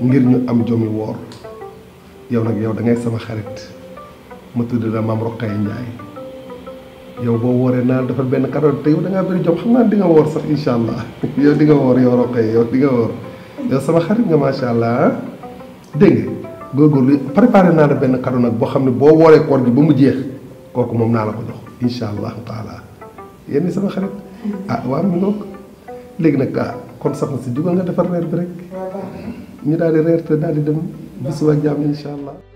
ngir ñu am jomi wor yow nag yow da ngay sama xarit ma tudd la mam rokay Ndiaye yow bo woré na dafa ben cadeau te yow da nga bari jom xam nga di nga wor sax inshallah allah yow di nga wor yow rokay yow di nga wor yow sama xarit nga macha allah ah. dégg gogor li préparer na la ben cadeau nag bo xamni bo woré wooree koor gi bu mu jeex koku mom na la ko jox inshallah taala yéen sama xarit ah waaw mi ngoog léegi nag ah, kon sax na ci dugal nga defar reer rek ñu daal di reer te daal di dem bis ba jàmm incha allah.